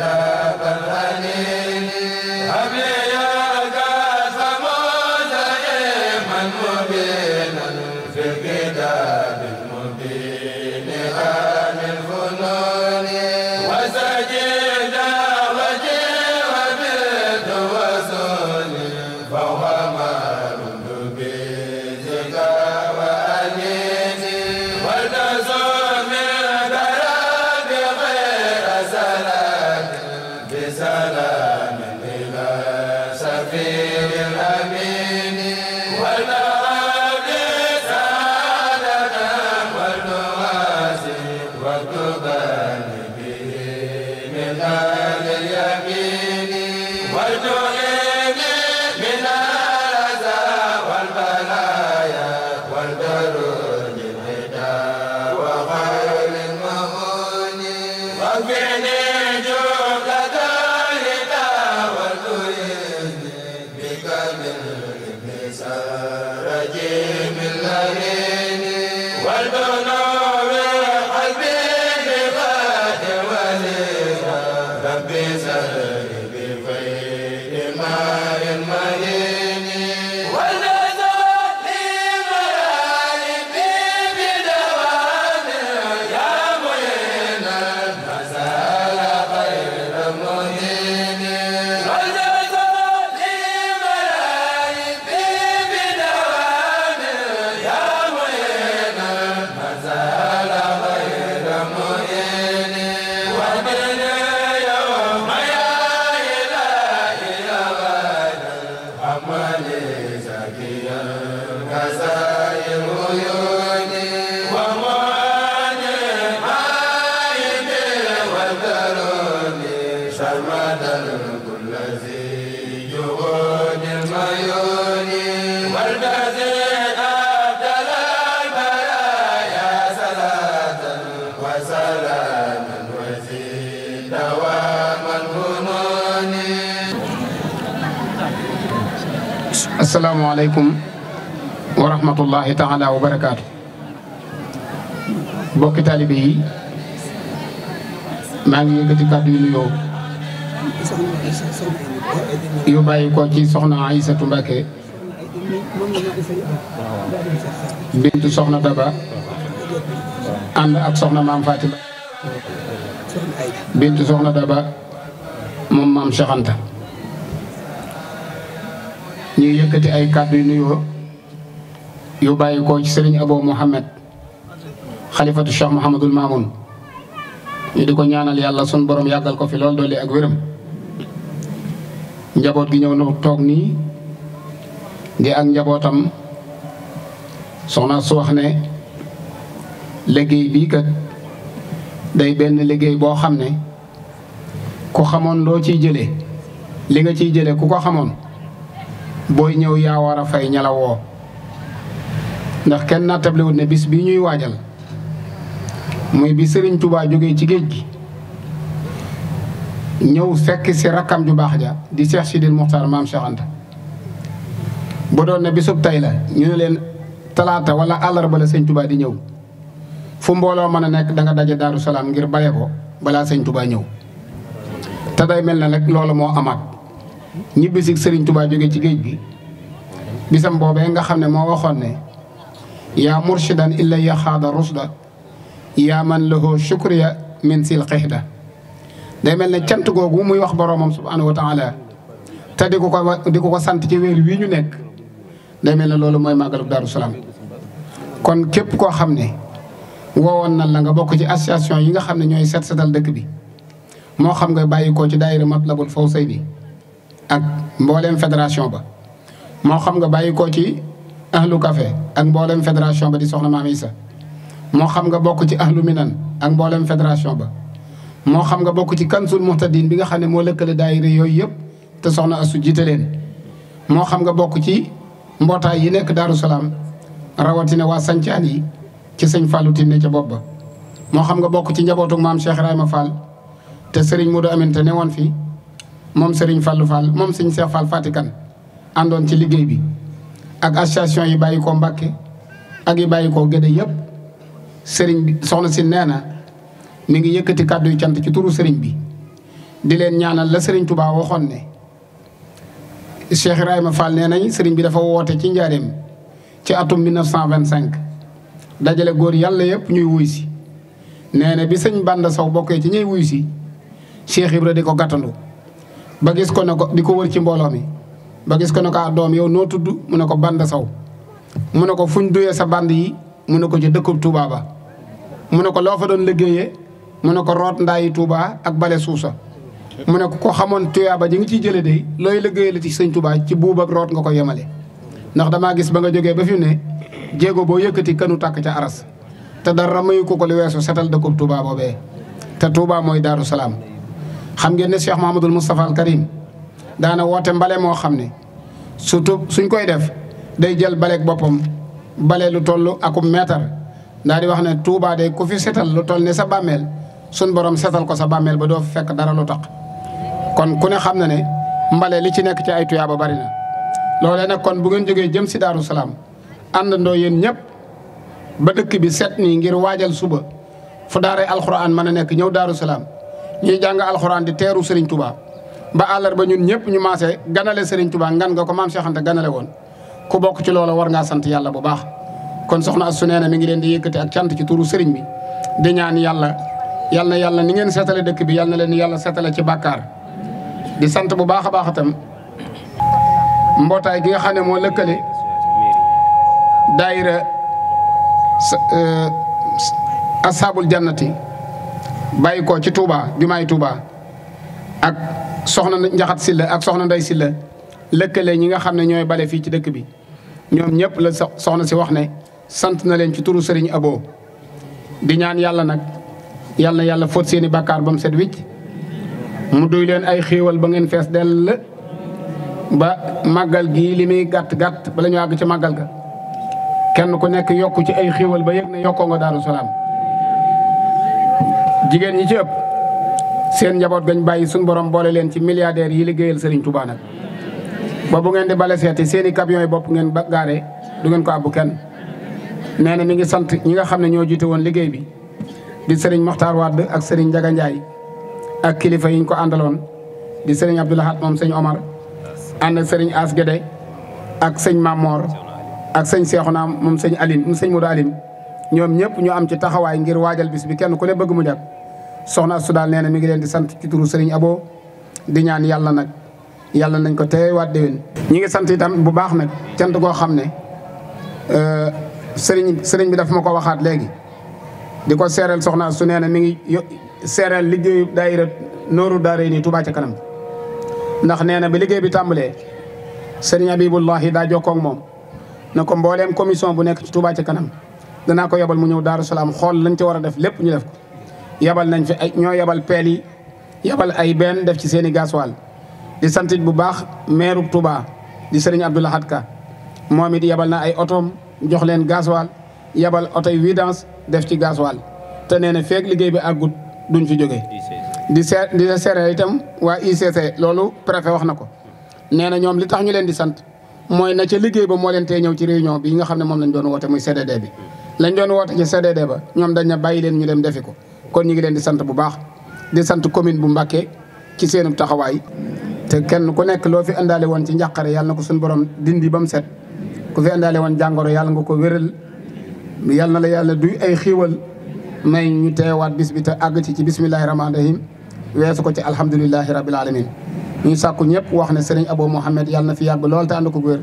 la la asalaamualeykum wa rahmatullahi taala wa barakaatu bokki taalibe yi maa ngi yëkkati kàddu yu nuyoo yu ko ci soxna Aysatu Mbàkke bintu soxna Daba ànd ak soxna maam Fatima bintu soxna Daba moom maam Cheikh ñu yëkkati ay kàddu yu nuyoo yu bàyyi ko ci sëriñ Abo Mouhamed xalifatu Cheikh Mouhamadul Mamoun ñu di ko ñaanal yàlla sun borom yàggal ko filool lool doole ak wéram njaboot gi ñëw na toog nii di ak njabootam soxna su wax ne liggéey bii kat day benn liggéey boo xam ne ku xamoon loo ci jëlee li nga ciy jële ku ko xamoon booy ñëw yaa war a fay ña ndax kenn nattablewut ne bis bi ñuy waajal muy bi sëriñ tubaa jóge ci géej gi ñëw fekk si rakkam ju baax ja di Cheikh Sidil Muxtaar maam Cheikh Anta bu doon ne bisub tey la ñu ne leen talaata wala àllarba la sëñ Touba di ñëw fu mbooloo mën a nekk danga nga daje Daaru ngir bale ko balaa sëñ Touba ñëw te day mel na rek loolu moo amaat ñibbisi sëriñ Touba jóge ci géej gi bisam boobee nga xam ne moo waxoon ne yaa murshidan illa ya rusda yaa man lahu shukriya min sil xihda day mel ne cant googu muy wax boroomam subhanahu wa taala te di ko ko ko ko sant ci wér wi ñu nekk day mel ne loolu mooy màggalub Daaru Salaam kon képp koo xam ne woowoon na la nga bokk ci association yi nga xam ne ñooy set setal dëkk bi moo xam nga bàyyi ko ci daayira say Fawzayni ak mboolem fédération ba moo xam nga bàyyi ko ci ahlu café ak mboolem fédération ba di soxna maam Isa moo xam nga bokk ci ahlu minan ak mboolem fédération ba moo xam nga bokk ci kansul muhtadin bi nga xam ne moo lëkkale daayira yooyu yëpp te soxna asu jiite leen moo xam nga bokk ci mbootaay yi nekk Daaru Salaam rawatina waa sancaan yi ci sëñ Fallou Tine ca bopp ba moo xam nga bokk ci njabootu maam Cheikh Ibrahima Fall te Serigne Modou Amine te newoon fi moom Serigne Fallou Fall moom sëñ Cheikh Fall Fatikan àndoon ci liggéey bi ak association yi bàyyi ko Mbàkke ak yi bàyyi ko Gédé yëpp sëriñ bi soxna si nee na mi ngi yëkkati kàddu yu cant ci turu Serigne bi di leen ñaanal la Serigne Touba waxoon ne Cheikh Ibrahima Fall nee nañ Serigne bi dafa woote ci njaareem ci atum 1925 dajale góor yàlla yëpp ñuy wuy si nee na bi sëñ Banda Sow bokkee ci ñuy wuy si Cheikh Ibra di ko gàttandu ba gis ko ne ko di ko wër ci mbooloo mi ba gis ko ne ko ah doom yow noo tudd mu ne ko band saw mu ne ko fuñ duyee sa band yi mu ne ko ci dëkkub Touba ba mu ne ko loo fa doon léggéeye mu ne ko root ndaayi Touba ak bale suusa mu ne ko ko xamoon tuyaaba ji nga ciy jële de looy liggéeyee la ci sañ Touba ci buub ak root nga ko yemale ndax damaa gis ba nga jógee ba fi ne jéego boo yëkkati kanu tàkk ca aras te dara mayu ko ko li weesu setal dëkkub Touba boobee te Touba mooy Daaru Salaam xam ngeen ne Cheikh Mahamadul Moustapha al Karim daana woote mbale moo xam ne surtout suñ koy def day jël baleeg boppam bale lu toll akum meetar daal di wax ne tuubaade day ku fi setal lu toll ne sa bàmmeel suñ borom setal ko sa bàmmeel ba doo fekk dara lu tax kon ku ne xam na ne mbale li ci nekk ci ay tuyaaba bari na loolee nag kon bu ngeen jógee jëm si Daaru Salaam ndoo yéen ñëpp ba dëkk bi set nii ngir waajal suba fu daaray alxuraan mën a nekk ñëw Daaru Salaam ñuy jàng alxuraan di teeru Serigne tubaa ba àllarba ñun ñëpp ñu maase ganale Serigne Touba ngan nga ko maam Cheikh Anta ganale woon ku bokk ci loola war ngaa sant yàlla bu baax kon soxna Astou nee na mi ngi leen di yëkkati ak cant ci turu Serigne bi di ñaan yàlla yal yàlla ni ngeen seetale dëkk bi yal na leen yàlla seetale ci bàkkaar di sant bu baax a baax a tam mbootaay gi nga xam ne moo lëkkale daayira euh, asaabul jannati bàyyi ko ci Touba jumaay Touba ak soxna Njaxat Silla ak soxna Ndey Silla lëkkale ñi nga xam ne ñooy bale fii ci dëkk bi ñoom ñëpp la soxna si wax ne sant na leen ci turu Serigne Abo di ñaan yàlla nag yàlla yàlla fóot seeni bàkkaar ba mu set wicc mu duy leen ay xéewal ba ngeen fees dell ba màggal gii li muy gàtt gàtt bala ñu àgg ci màggal ga kenn ku nekk yokku ci ay xéewal ba yëg ne yokkoo nga Daaru Salaam jigéen ñi ci seen njaboot gañ bàyyi suñu borom boole leen ci milliardaires yi liggéeyal Serigne Touba nag bu ngeen di bale seeti seen i camions yi bopp ngeen ba gaare du ngeen ko àbbu kenn nee na mi ngi sant ñi nga xam ne ñoo jiite woon liggéey bi di Serigne Mokhtar Wade ak Serigne Ndiaga Ndiaye ak kilifa yi ko àndaloon di Serigne Abdou moom sëñ Omar ànd sëriñ Serigne As Guédé ak sëñ Mamor ak sëñ Cheikhouna moom sëñ Aline moom sëñ Modou Aline ñoom ñëpp ñu am ci taxawaay ngir waajal bis bi kenn ku ne bëgg mu jag soxna Astou daal nee na mi ngi leen di sant ci turu Serigne Abo di ñaan yàlla nag yàlla nañ ko te teewaat déwén. ñi ngi sant itam bu baax nag cant goo xam ne euh, sëriñ Serigne bi daf ma ko waxaat léegi di ko seereel soxna Astou nee na mi ngi seereel liggéeyu daayira nooru daara nii Touba ci kanam ndax nee na bi liggéey bi tàmbalee Serigne Abibullahi daa jokkoo ak moom na ko mbooleem commission bu nekk ci Touba ca kanam. danaa ko yebal mu ñëw Daaru Salaam xool lañ ci war a def lépp ñu def ko yebal nañ fi ay ñoo yebal peel yi yebal ay benn def ci seen i gasoil di santit bu baax meeru Touba di sëriñ Abdou Lahad Ka moom it yebal na ay otoom jox leen gasoil yebal oto yi vidange def ci gasoil te nee na feeg liggéey bi ak àggut duñ fi jóge di se di seere itam waa ICC loolu préfet wax na ko nee na ñoom li tax ñu leen di sant mooy na ca liggéey ba moo leen tee ñëw ci réunion bi nga xam ne moom lañ doon woote muy CDD bi lañ doon woote ci CDD ba ñoom dañ na bàyyi leen ñu dem defi ko kon ñu ngi leen di sant bu baax di sant commune bu Mbacké ci seenub taxawaay te kenn ku nekk loo fi indaale woon ci njàqare yàlla na ko suñu borom dindi ba mu set ko fi indaale woon jàngoro yàlla nga ko wéral yàlla na la yàlla duy ay xiiwal may ñu teewaat bis bi te àgg ci ci bisimilahi rahmaani rahim weesu ko ci alhamdulilahi rabil alamin ñu sàkku ñëpp wax ne sëriñ Abo Mouhamed yàlla na fi yàgg lool te ànd ko wér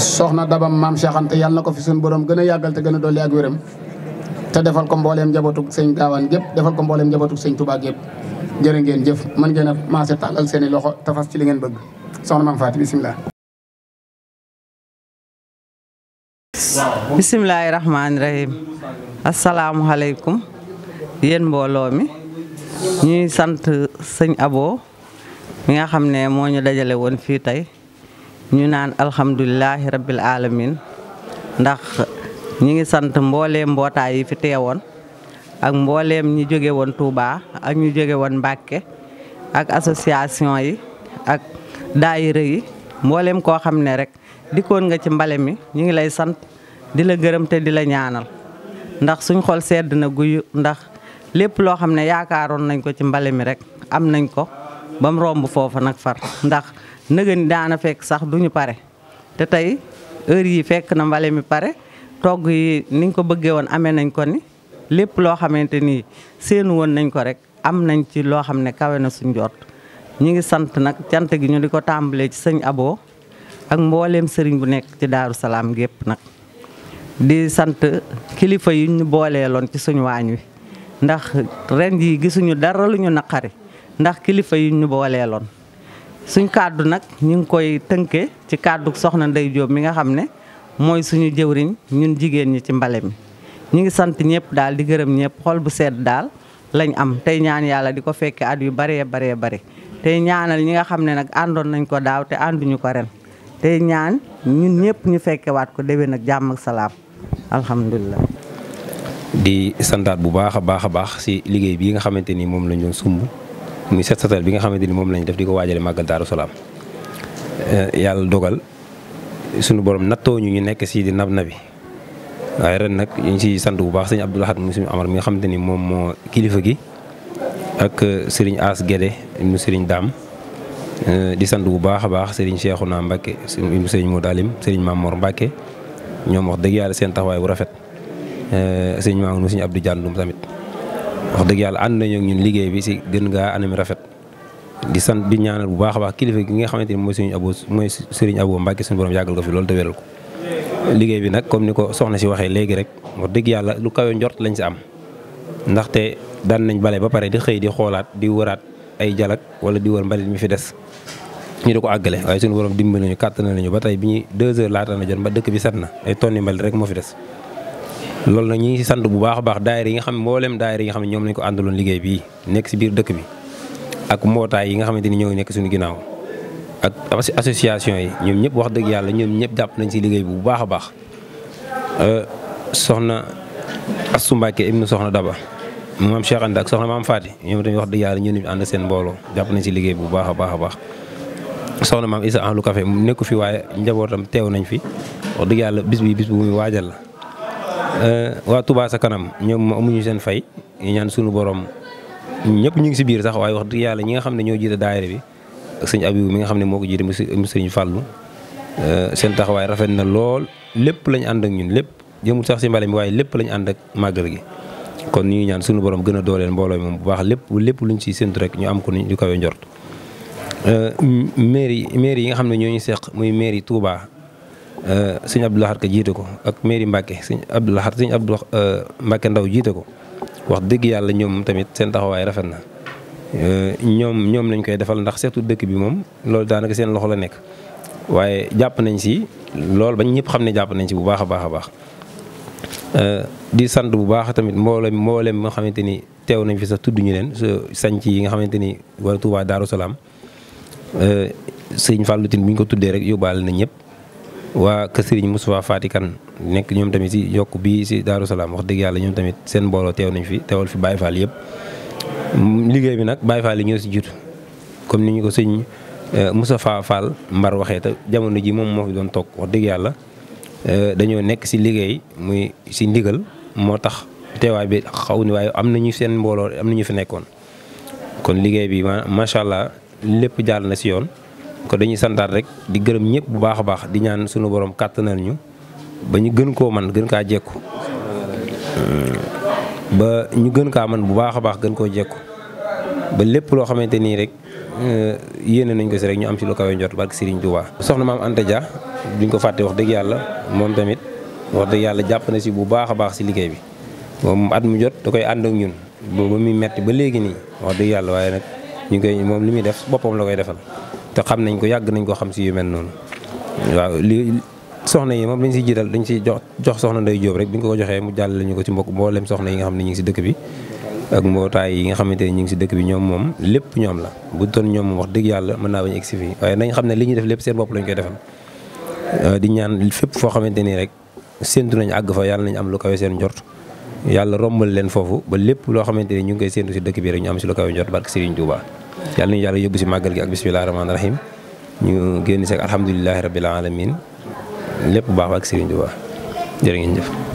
soxna dabam maam Cheikh Anta yàlla ko fi suñu borom gën a yàggal te gën a dolli ak te defal ko mbooleem njabootu sëñ gépp defal ko mbooleem njabootu sëñ Touba gépp jërë ngeen jëf mën ngeen a maase tàllal seen loxo tafas ci li ngeen bëgg soxna maam Faati bisimilah. bisimilahi rahmaani rahim asalaamualeykum yéen mbooloo mi ñuy sant sëñ Abo mi nga xam ne moo ñu dajale woon fii tey. ñu naan alhamdulilahi rabbil alamin ndax ñi ngi sant mbooleem mbootaay yi fi teewoon ak mbooleem ñi jóge woon tuubaa ak ñu jóge woon Mbàkke ak association yi ak daayira yi mbooleem koo xam ne rek dikkoon nga ci mbale mi ñu ngi lay sant di la gërëm te di la ñaanal ndax suñ xol sedd na guyu ndax lépp loo xam ne yaakaaroon nañ ko ci mbale mi rek am nañ ko ba romb foofa nag far ndax nëgën daana fekk sax duñu pare te tey heure yi fekk na mbale mi pare togg yi niñ ko bëggee woon amee nañ ko ni lépp loo xamante ni séenu woon nañ ko rek am nañ ci loo xam ne kawe na suñ jot ñi ngi sant nag cant gi ñu di ko tàmbalee ci sëñ Abo ak mbooleem sëriñ bu nekk ci Daaru Salaam gépp nag di sant kilifa yi ñu booleeloon ci suñu waañ wi ndax ren yi gisuñu dara lu naqari ndax kilifa yi ñu booleeloon suñ kàddu nag ñu ngi koy tënkee ci kàddu soxna ndeyjoom mi nga xam ne mooy suñu jëwriñ ñun jigéen ñi ci mbale mi ñu ngi sant ñëpp daal di gërëm ñëpp xol bu sedd daal lañ am tey ñaan yàlla di ko fekke at yu baree baree bare tey ñaanal ñi nga xam ne nag àndoon nañ ko daaw te ànduñu ko ren tey ñaan ñun ñëpp ñu fekke waat ko dewe nag jàmm ak salaam alhamdulilah di santaat bu baax a baax a baax si liggéey bii nga xamante ni moom lañu sumb muy set setal bi nga xamante ni moom lañ def di ko waajale màggal Daaru Salaam eh, yàlla dogal sunu borom nattoo ñu ñu nekk si di nab nabi waaye ren nag ñu ngi siy sant bu baax sëñ Abdou Lahad mu suñu amar mi nga xamante ni moom moo kilifa gi ak eh, sëriñ As Guédé mu sëriñ Daam eh, di sant bu baax a baax sëriñ Cheikhouna Mbacke mu sëriñ Modalim sëriñ Mamor Mbacke ñoom wax dëgg yàlla seen taxawaay bu rafet sëriñ Mamour mu sëriñ Abdou Diandoum tamit wax dëgg yàlla ànd nañu ak ñun liggéey bi si gën ngaa anam rafet di sant di ñaanal bu baax a baax kilifa gi nga xamante ni mooy sëriñ Abo mooy sëriñ Abo Mbàkke suñu borom yàggal ko fi loolu te wéral ko liggéey bi nag comme ni ko soxna si waxee léegi rek wax dëgg yàlla lu kawe njort lañ si am ndaxte daan nañ bale ba pare di xëy di xoolaat di wëraat ay jalak wala di wër mbalit mu fi des ñu di ko àggale waaye suñu borom dimbali nañu kàttan nañu ba tey bi ñu deux laata na jot ba dëkk bi set na ay tonni mbalit rek moo fi des loolu nag ñi ngi si sant bu baax a baax daayira yi nga xam mboolem daayira yi nga xam ne ñoom lañ ko nekk biir dëkk bi ak mbootaay yi nga xamante ni ñoo nekk suñu ginnaaw ak association yi ñoom ñëpp wax dëgg yàlla ñoom ñëpp jàpp nañ si liggéey bu baax a baax euh, soxna Astou Mbacke ibnu soxna Daba maam Cheikh Anta ak soxna maam Fati ñoom tamit wax dëgg yàlla ñoo ñu ànd seen mbooloo jàpp nañ si liggéey bu baax a baax a baax soxna maam Issa Ahlu Café mu nekku fi waaye njabootam teew nañ fi wax dëgg yàlla bis bi bis bu muy waajal la Euh, waa Touba sa kanam ñoom amuñu seen fay ñu ñaan sunu borom ñëpp ñu ngi si biir sax waaye wax dëgg yàlla ñi nga xam ne ñoo jiite daayira bi ak sëñ Abibu mi nga xam ne moo ko jiite mu sëñ Fàllu seen taxawaay rafet na lool lépp lañ ànd ak ñun lépp jëmul sax si mbale mi waaye lépp lañ ànd ak màggal gi kon ñu ngi ñaan sunu borom gën a dooleel mbooloo moom bu baax lépp lépp luñ si séntu rek ñu am ko ñu kawe njort euh, mairie mairie yi nga xam ne ñoo ñu seq muy mairie Touba Euh, sëñ Abdou Lahad Ka jiite ko ak mairie Mbacke sëñ Abdou Lahad sëñ Abdou euh, Mbacke Ndaw jiite ko wax dëgg yàlla ñoom tamit seen taxawaay rafet na euh, ñoom ñoom lañ koy defal ndax seetu dëkk bi moom loolu daanaka seen loxo la nekk waaye jàpp nañ si loolu bañ ñëpp xam ne jàpp nañ si bu baax a baax a baax di sant bu baax tamit mboolem mboolem nga xamante ni teew nañ fi sax tudd ñu leen sanc yi nga xamante ni wala Touba Daaru Salaam sëñ Fallou Tine bu ñu ko tuddee rek yóbbaale na ñëpp waa kër Serigne Moustapha Fatikan nekk ñoom tamit si yokk bi si Daaru Salaam wax dëgg yàlla ñoom tamit seen mbooloo teew nañ fi teewal fi Baye Fall yëpp mm, liggéey bi nag Baye Fall yi ñoo si jut comme ni ñu ko sëñ euh, Moustapha Fall Mbar waxee te jamono ji moom moo fi doon toog wax dëgg yàlla euh, dañoo nekk si liggéey muy si ndigal moo tax teewaay bi xaw ni waaye am nañu seen mbooloo am na ñu fi nekkoon kon liggéey bi macha allah lépp jaar na si yoon. ko dañuy santaat rek di gërëm ñëpp bu baax a baax di ñaan sunu borom kàttanal ñu ba ñu gën koo man gën kaa jekku hmm. ba ñu gën kaa man bu baax a baax gën koo jekku ba lépp loo xamante nii rek eh, yéene nañ ko si rek ñu am si lu kawe njot barke Serigne Touba. soxna maam Anta jaa duñ ko fàtte wax dëgg yàlla moom tamit wax dëgg yàlla jàpp na si bu baax a baax si liggéey bi moom at mu jot da koy ànd ak ñun ba muy metti ba léegi nii wax dëgg yàlla waaye nag ñu ngi koy moom li muy def boppam la koy defal. te xam nañ ko yàgg nañ ko xam si yu mel noonu waaw li soxna yi moom lañ si jiital dañ si jox jox soxna Ndey Jóob rek bi ñu ko joxee mu jàll lañu ko ci mbokk mboolem soxna yi nga xam ne ngi si dëkk bi ak mbootaay yi nga xamante ne ñu ngi si dëkk bi ñoom moom lépp ñoom la bu doon ñoom moom wax dëgg yàlla mën naa bañ egsi fii waaye nañ xam ne li ñuy def lépp seen bopp lañ koy defal di ñaan fépp foo xamante nii rek séntu nañ àgg fa yàlla nañ am lu kawe seen njort yàlla rombal leen foofu ba lépp loo xamante ni ñu ngi koy séntu si dëkk bi rek ñu am si l kawe njort barke Serigne Touba yàlla nañu yàlla yóbbu si màggal gi ak bisimilah rahmaani rahim ñu génn si ak alhamdulilahi rabil alamin lépp bu baax ak Serigne Touba jërë ngeen jëf.